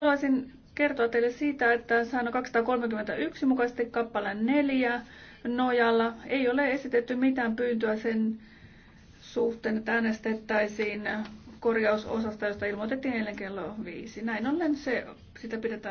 Haluaisin kertoa teille siitä, että säännön 231 mukaisesti kappaleen 4 nojalla ei ole esitetty mitään pyyntöä sen suhteen, että äänestettäisiin korjausosasta, josta ilmoitettiin eilen kello viisi. Näin ollen se, sitä pidetään